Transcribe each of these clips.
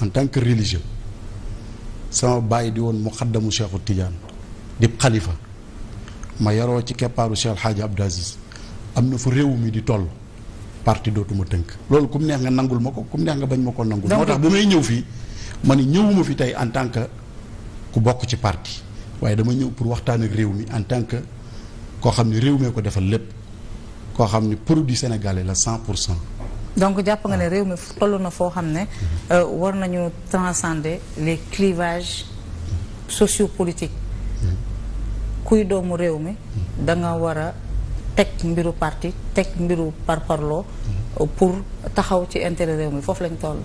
en tant que religieux sama bàyyi di woon mu xaddamu Cheikhu Tidiane di xalifa ma yaroo ci keppaaru Cheikh El Hadj Abdou Aziz am na fu réew mi di toll parti dootuma tënk loolu kum neex nga nangul ma ko kum neex nga bañ ma ko nangul moo tax bi may ñëw fii ma ne ñëwuma fi tey en tant que ku bokk ci parti waaye dama ñëw pour waxtaan ak réew mi en tant que koo xam ne réew mee ko defal lépp koo xam ne produit sénégalais la cent pour cent donc jàpp nga ne réew mi toll na foo xam ne euh, war nañu transcender les clivages sociopolitiques kuy doomu réew mi da nga war a teg mbiru parti teg mbiru parparloo pour taxaw ci intérêt réew mi foofu lañ toll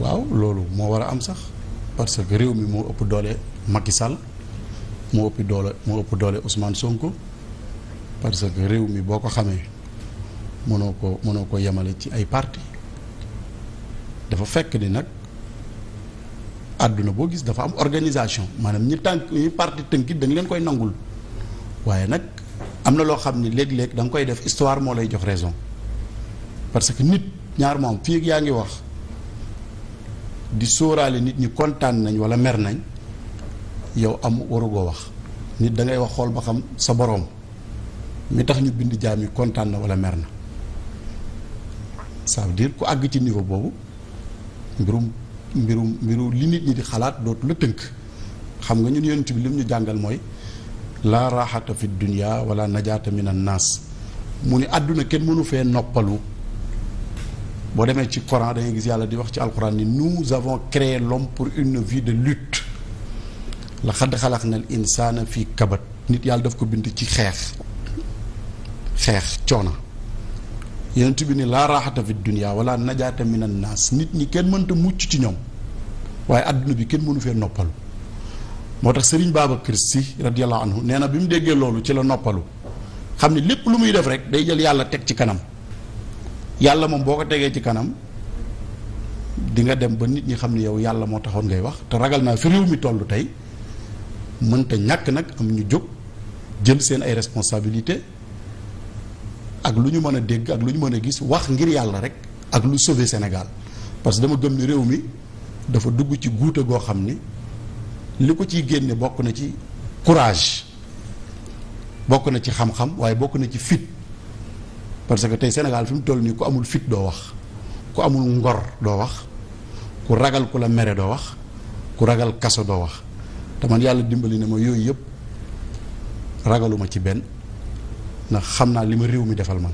waaw loolu moo war a am sax parce que réew mi moo ëpp doole Macky Sall moo ëpp doole moo ëpp doole Ousmane Sonko parce que réew mi boo ko xamee mënoo ko mënoo ko yemale ci ay parti dafa fekk ni nag àdduna boo gis dafa am organisation maanaam ñi tànk ñi parti tënkit da nga leen koy nangul waaye nag am na loo xam ni léegi léeg da nga koy def histoire moo lay jox raison parce que nit ñaar moom fii yaa ngi wax di sooraale nit ñi kontaan nañ walla mer nañ yow am warugoo wax nit dangay wax xool ba xam sa boroom mi tax ñu bind jaam yi kontaan na walla mer na ça veut dire ku àgg ci niveau boobu mbirum mbirum mbiru li nit ñi di xalaat dootu la tënk xam nga ñun yonent bi lim nu jàngal mooy la raxata fi dunia wala najaata min an naas mu ni àdduna kenn mënu fee noppalu boo demee ci Coran da gis yàlla di wax ci alquran ni nous avons créé l'homme pour une vie de lutte la xadd xalax na insaana fii kabat nit yàlla daf ko bind ci xeex xeex coono yonent bi ni laa raaxata fi dunia wala najaata min an naas nit ñi kenn mënta mucc ci ñoom waaye àdduna bi kenn mënu fee noppalu moo tax sëriñ Babacar Sy radiyallahu anhu nee na bi mu déggee loolu ci la noppalu xam ne lépp lu muy def rek day jël yàlla teg ci kanam yàlla moom boo ko tegee ci kanam di nga dem ba nit ñi xam ne yow yàlla moo taxoon ngay wax te ragal naa fi réew mi toll tey mënta ñàkk nag am ñu jóg jël seen ay responsabilité ak lu ñu mën a dégg ak lu ñu mën a gis wax ngir yàlla rek ak lu sauver Sénégal parce que dama gëm ni réew mi dafa dugg ci guute goo xam ni li ko ciy génne bokk na ci courage bokk na ci xam-xam waaye bokk na ci fit parce que tey Sénégal fi mu toll nii ku amul fit doo wax ku amul ngor doo wax ku ragal ku la mere doo wax ku ragal kaso doo wax te man yàlla dimbali na ma yooyu yëpp ragaluma ci benn. ndax xam naa li ma réew mi defal man